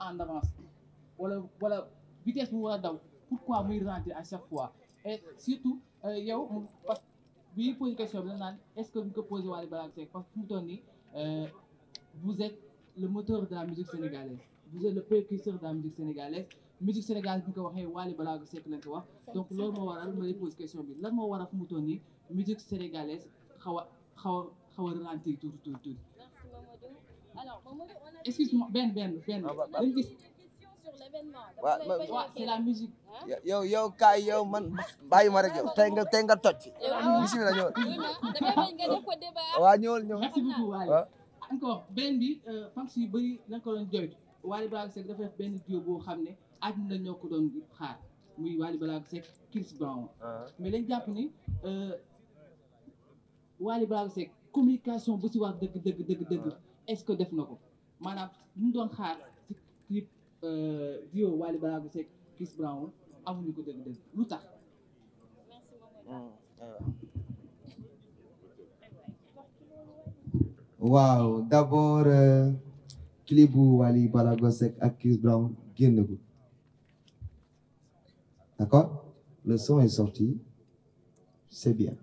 en avance wala wala vitesse bu war a daw pourquoi muy ralentir à chaque fois et surtout euh, yow mu parce que bi posé question bi la est-ce que ñu ko posé Wally Ballago Seck parce que fu mu toll nii euh, vous êtes le moteur de la musique sénégalaise vous êtes le précurseur de la musique sénégalaise musique sénégalaise bi nga ko waxee Wally Ballago Seck lañ ko wax donc loolu moo waral ma lay posé question bi lan moo waral fu mu toll nii musique sénégalaise xaw a xaw a xaw a ralentir tuuti tuuti tuuti alors Mamadou on a excuse-moi benn benn benn dañu la musique yow yow yow man bàyyi ma rek yow tey nga tey nga toj ci bismillah ñëwal ñëwal ñëwal merci beaucoup Wally encore benn bi euh, fans yu bëri nañ ko doon jooytu Wally Ballago Seck dafa def boo xam ne àdduna ñoo ko doon xaar muy Wally Ballago Seck Chris Brown ah. mais lañ jàpp ni euh, Wally Ballago Seck communication bu si wax dëgg dëgg dëgg dëgg est-ce que def na ko maanaam lu mu doon xaar clip euh, duo Wally Ballago Chris Brown amuñu ko dëgg-dëgg lu tax. waaw d'abord euh, clip bu Wally Ballago ak Chris Brown génnagul d'accord le son est sorti c'est bien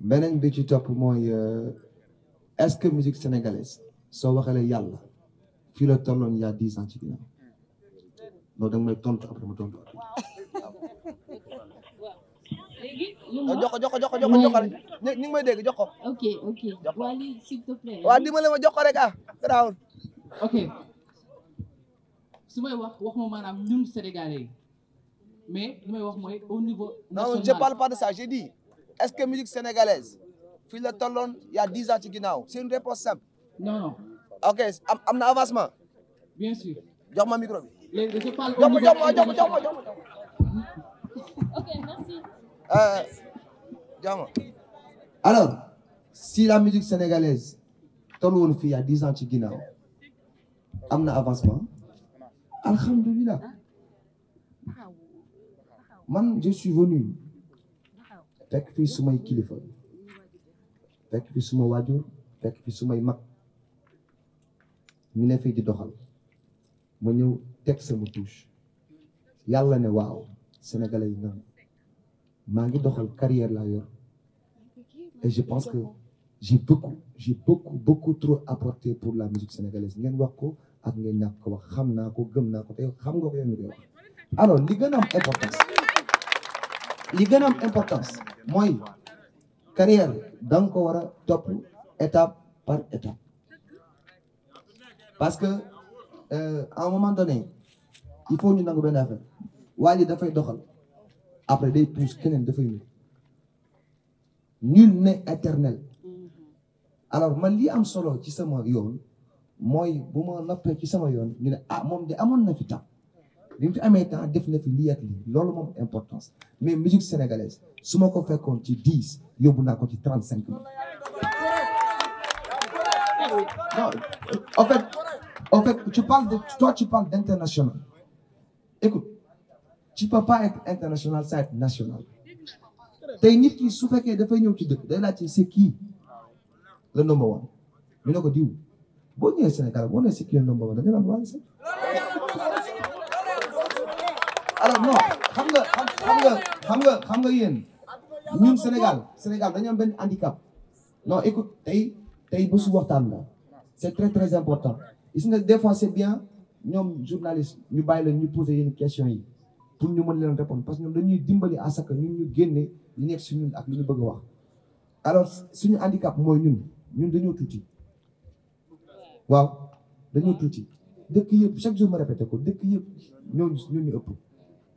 beneen bi ci mooy. Euh, est-ce que musique sénégalaise soo waxalee yàlla fii la tolloon il y a dix ans ci ginnaaw loolu da nga may tontu après ma tontu oh, jox ko jox ko jox ko jox ko rek ñu ngi may dégg jox ko. ok ok waa lii s'il te plaît. waa dimbale ma jox ko rek ah garaawul. ok su may wax waxuma maanaam ñun sénégalais yi mais li may wax mooy au niveau national. non je parle pas de ça j'ai dit est-ce que musique sénégalaise. fi la tolloon y a ans ci ginnaaw c'est une réponse simple. non non. ok am na avancement. bien sûr. jox ma micro alors si la musique sénégalaise toll woon fii y ans ci ginnaaw am na avancement alhamdulilah man je suis venu. fekk fii sumay kilifa. fekk fi suma waajur fekk fi sumay mag ñu ne fii di doxal moo ñëw teg sama touche yàlla ne waaw sénégalais yi maa ngi doxal carrière laa et je pense que j'ai beaucoup j'ai beaucoup beaucoup trop apporté pour la musique sénégalaise ngeen wax ko ak ngeen ñàkk ko wax xam naa ko gëm naa ko te xam nga ko yow ñu koy wax alors li gën a am gën a am importance mooy carrière da nga ko war a topp étape par étape parce que euh, à un moment il faut ñu nangu benn affaire dafay doxal après day pousse keneen dafay ñëw nul ne éternel alors man lii am solo ci sama yoon mooy bu ma noppee ci sama yoon ñu ne ah moom de amoon na fi temps bi mu fi amee temps def na fi lii ak loolu moom importance mais musique sénégalaise su ma ko fekkoon ci dix yóbbu naa ko ci trente cinq mille non ci fait en fait tu parles de toi tu parles d'international écoute tu peux international sans national tey ki su fekkee dafay ñëw ci dëkk day laajte c'est qui le number one ñu ne ko diw boo ñëwee Sénégal boo nee c'est le number one da alors non xam nga xam nga xam nga xam nga yéen ñun Sénégal Sénégal dañu am benn handicap no écoute tey tey bésu waxtaan la c'est très très important gis nga des fois c'est bien ñoom journaliste ñu bàyyi la ñu poser yenn question yi pour ñu mën leen répondre parce que ñoom dañuy dimbali à ce que ñun génne li nekk ñun ak li ñu bëgg a wax suñu handicap mooy ñun ñun dañoo tuuti waaw dañoo tuuti dëkk yëpp chaque jour ma répété ko dëkk yëpp ñooñu ñoo ñu ëpp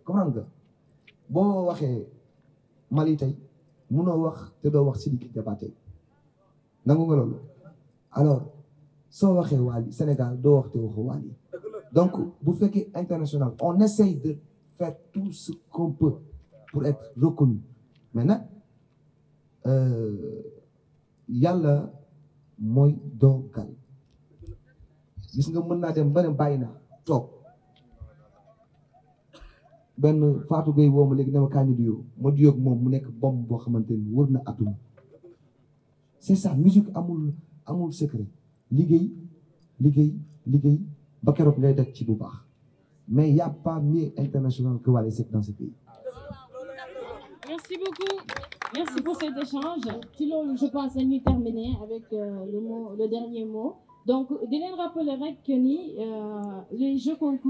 comprendre nga boo waxee Mali tey munoo wax te doo wax Sidiki Diabaté nangu nga loolu alors soo waxee Wally Sénégal doo wax te waxoo Wally donc bu fekkee international on essaye de faire tout ce qu'on pour être reconnu mais nag euh, yàlla mooy doogal gis nga mën naa dem ba bàyyi naa toog benn Fatou Gueye woo ma léegi ne ma kaa ñu ma duyoo moom mu nekk bomb boo xamante ni wër na atum c'est ça musique amul amul secret liggéey liggéey liggéey ba keroog ngay def ci bu baax mais y ni pas mieux international que Wally Seck dans ce pays. Euh, donc di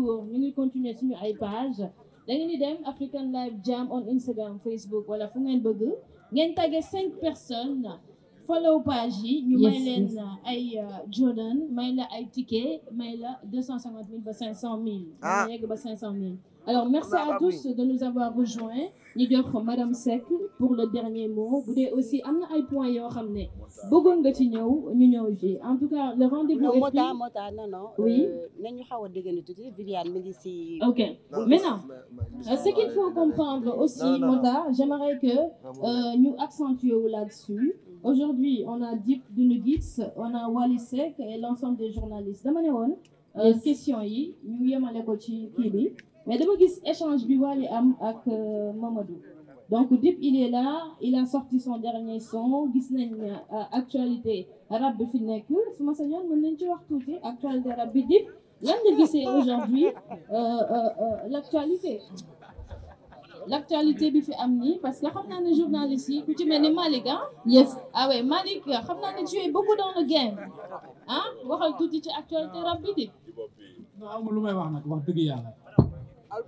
euh, ay page da ngeen di dem African Live Jam on Instagram Facebook wala fu ngeen bëgg ngeen tagge cinq personnes follow page yi ñu may leen ay euh, Jordan may la ay ticket may la deux cent cinquante mille ba cinq cent mille. ah ba cinq cent alors merci à tous de nous avoir rejoints ñu jox madame Seck pour le dernier mot bu aussi am na ay points yoo xam ne bëggoon nga ci ñëw ñu ñëw ji en tout cas le rendez-vous est Mota non non. Euh, oui nañu xaw a déggante tuuti Viviane mi si. ok maintenant euh, ce qu'il faut comprendre aussi Mota j'aimerais que euh, ñu accentuer wu là-dessus aujourd'hui on a Dip Doundou Guiss on a Wally Seck et l'ensemble des journalistes dama ne woon question yi ñu yemale ko ci kii bi. mais dama gis échange bi Wally am ak euh, Mamadou donc Dip il est là il a sorti son dernier son gis nañ euh, actualité rap bi fi nekk su ma sañoon mën nañ ci wax tuuti actualité rap bi Dip lan nga gisee aujourd'hui euh, l'actualité l'actualité bi fi am nii parce que xam naa ne journaliste yi ku ci mel ni Malick ah. yes ah ouais Malick xam naa ne tu es beaucoup dans le game ah waxal tuuti ci actualité rap bi Dip. waaw lu may wax nag wax dëgg yàlla.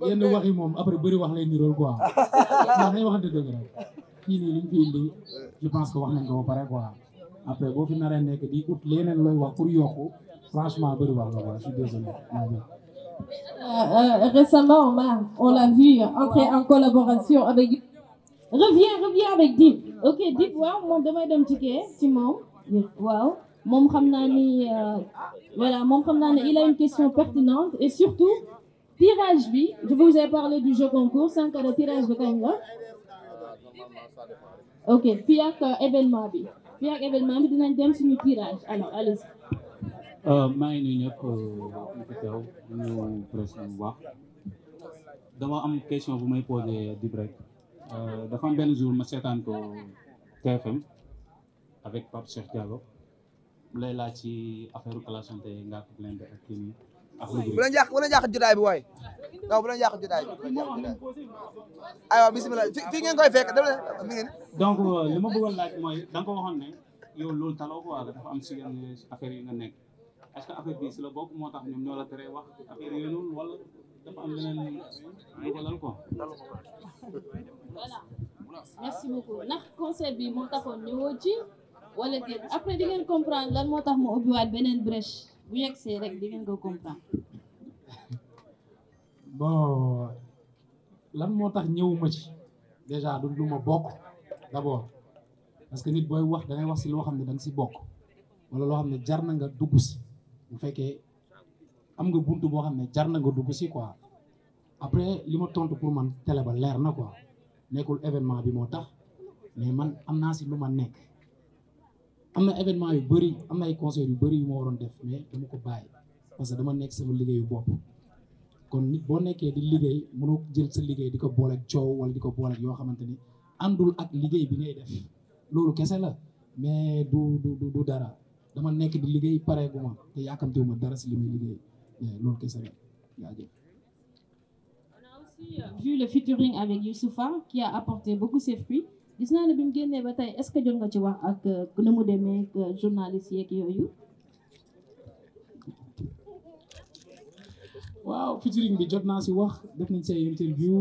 yenn wax yi moom après bëri wax lay nirool quoi ndax nañ waxante dëgg rek kii nii liñ fi indi je pense que wax nañ ko après boo fi naree nekk di ut leneen looy wax pour yokku franchement bëri wax la quoi je suis désolé Euh, euh, récemment, Omar, on l'a vu entrer en collaboration avec. Reviens, reviens avec Dip. ok Dip waaw moom damay dem ci kii ci moom. waaw moom xam naa ni euh, il a une question pertinente et surtout tirage bi je vous ai parlé du jeu concours sànq de tirage bi kañ la ok euh, événement bi fii événement bi dinañ dem suñu tirage alors allez-y. Euh, maa ngi nuyu ñëpp euh, ñu fi teew ñu presse dama am question bu may posé di break dafa am benn jour ma seetaan ko TFM avec Pape Cheikh Diallo mu ci affaire u Kala Santé nga ko blindé ak kii bu leen yàq bu leen bi waay non bu leen yàq jotaay bi bu leen yàq jotaay aywa bisimilah fii ngeen koy fekk daf leen. donc euh, li ma bëggoon laaj mooy da nga ko waxoon ne yow loolu taloo quoi dafa am si yenn affaire yi nga nekk est bi si la bokk moo tax ñoom ñoo la tere wax affaire yooyu noonu wala dafa am leneen lu ko lal quoi. voilà merci moo taxoon ñëwoo ci après di ngeen comprendre lan moo tax mu ubbiwaat beneen brèche. bu rek di ngeen ko comprendre. bon lan moo tax ñëwuma ci déjà du lu ma bokk d'abord parce que nit booy wax da wax si loo xam ne da nga si bokk wala loo xam ne jar na nga dugg si bu fekkee am nga buntu boo xam ne jar na nga dugg si quoi après li ma tontu pour man télé leer na quoi nekkul événement bi moo tax mais man am naa si lu ma nekk. am na événement yu bëri am na ay concert yu bëri yu moo waroon def mais dama ko bàyyi parce que dama nekk sama liggéeyu bopp kon nit boo nekkee di liggéey mënoo jël sa liggéey di ko booleeg coow wala di ko booleeg yoo xamante ni àndul ak liggéey bi ngay def loolu kese la mais du du du dara dama nekk di liggéey pareegu ma te yaakamtewu ma dara si li may liggéey loolu kese la jaajëf a euh, vu le featuring avec Youssoufa qui a apporté beaucoup ses fruits gis naa ne bi génnee ba tey est-ce que jot nga ci wax ak euh, nu mu demee euh, journaliste yeeg yooyu. waaw featuring bi jot naa si wax def nañ say interview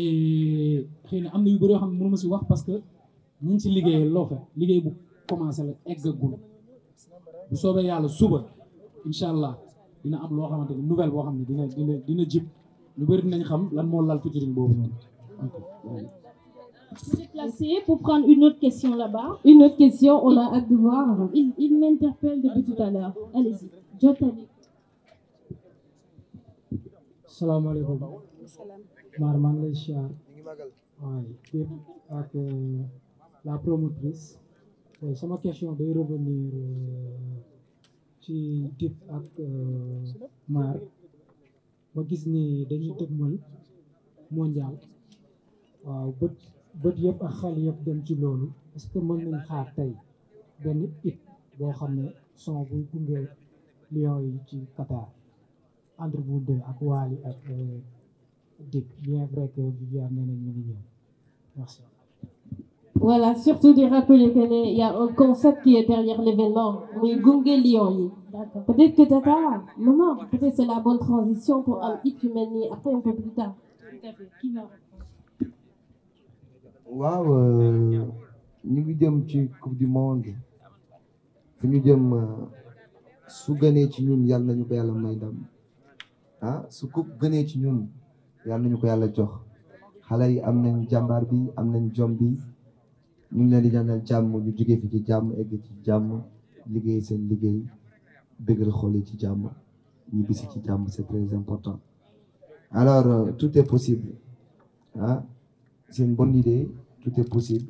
et xëy na am na yu bëri xam ne mënu ma si wax parce que ñu ngi si liggéeyal loo fa liggéey bu commencé la eggagul bu soobee yàlla suba incha allah dina am loo xamante ni nouvelle boo xam ne dina dina dina jib lu bëri dinañ xam lan moo lal featuring boobu noonu. se pour prendre une autre question là-bas. Une autre question, on a hâte Il, m'interpelle depuis tout à l'heure. Allez-y. Jotali. maa ngi lay siyaar. waaye képp euh, la promotrice. sama question day revenir euh, ci Dip ak euh, maar ma gis ni dañuy tëgmal mondial. waaw bët. bët yëpp ak xel yëpp dem ci loolu est que mën nañ xaar tey benn it boo xam ne son buy gunge Lions yi ci Qatar entre vous deux ak Wally ak euh, Dick bien vrai que Viviane nee nañ ñu ngi voilà surtout de rappeler que ne y a un concept qui est derrière l'événement muy gunge Lions yi peut que Qatar maman peut-être c'est la bonne transition pour am it yu mel nii après plus tard waaw ñu ngi jëm ci coupe du monde fi ñu jëm su gënee ci ñun yàlla nañu ko yàlla may ndam ah su ko gënee ci ñun yàlla ñu ko yàlla jox xale yi am nañ jàmbaar bi am nañ jom bi ñu ngi leen di ñaanal jàmm ñu jógee fi ci jàmm egg ci jàmm liggéey seen liggéey dëgër xol ci jàmm ñu bisi ci jàmm c'est très important alors euh, tout est possible seen une bonne tout est possible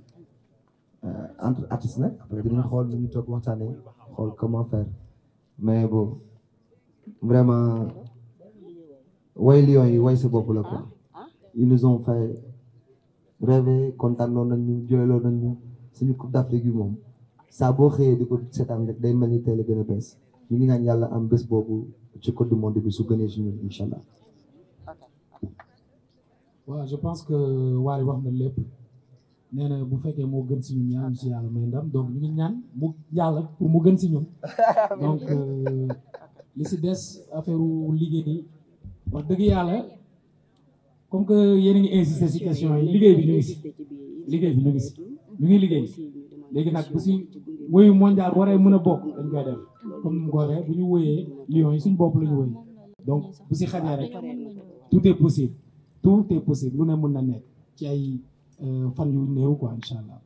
euh, entre artistes nag après dinañ xool nu ñu toog waxtaanee xool comment faire mais bon vraiment way lion yi way sa bopp la quoi ils nous ont fait rêver kontaan noonu nañu jooyloo si ñu coupe d'Afrique yi moom saa boo xëyee di ko seetaan rek day mel ni teel gën a bees ñu ngi ñaan yàlla am bés boobu ci coupe du monde bi su gënee si ñun incha allah waaw je pense que Waly wax na lépp nee bu fekkee moo gën si ñun ñaan si yàlla may ndam donc ñu ngi ñaan mu yàlla pour mu gën si ñun donc euh, li si des affaire liggéey wax dëgg yàlla comme que yéen a ngi insister si question yi liggéey bi ñu ngi si liggéey bi ñu ngi si ñu ngi liggéey léegi nag bu si woyu mondial waree mën a bokk dañ koy def comme mu bu ñu woyee lion yi suñ bopp la ñu donc bu si xajee rek tout possible tout est possible lu ne mën na nekk ci ay euh, fan yu néew quoi incha allah.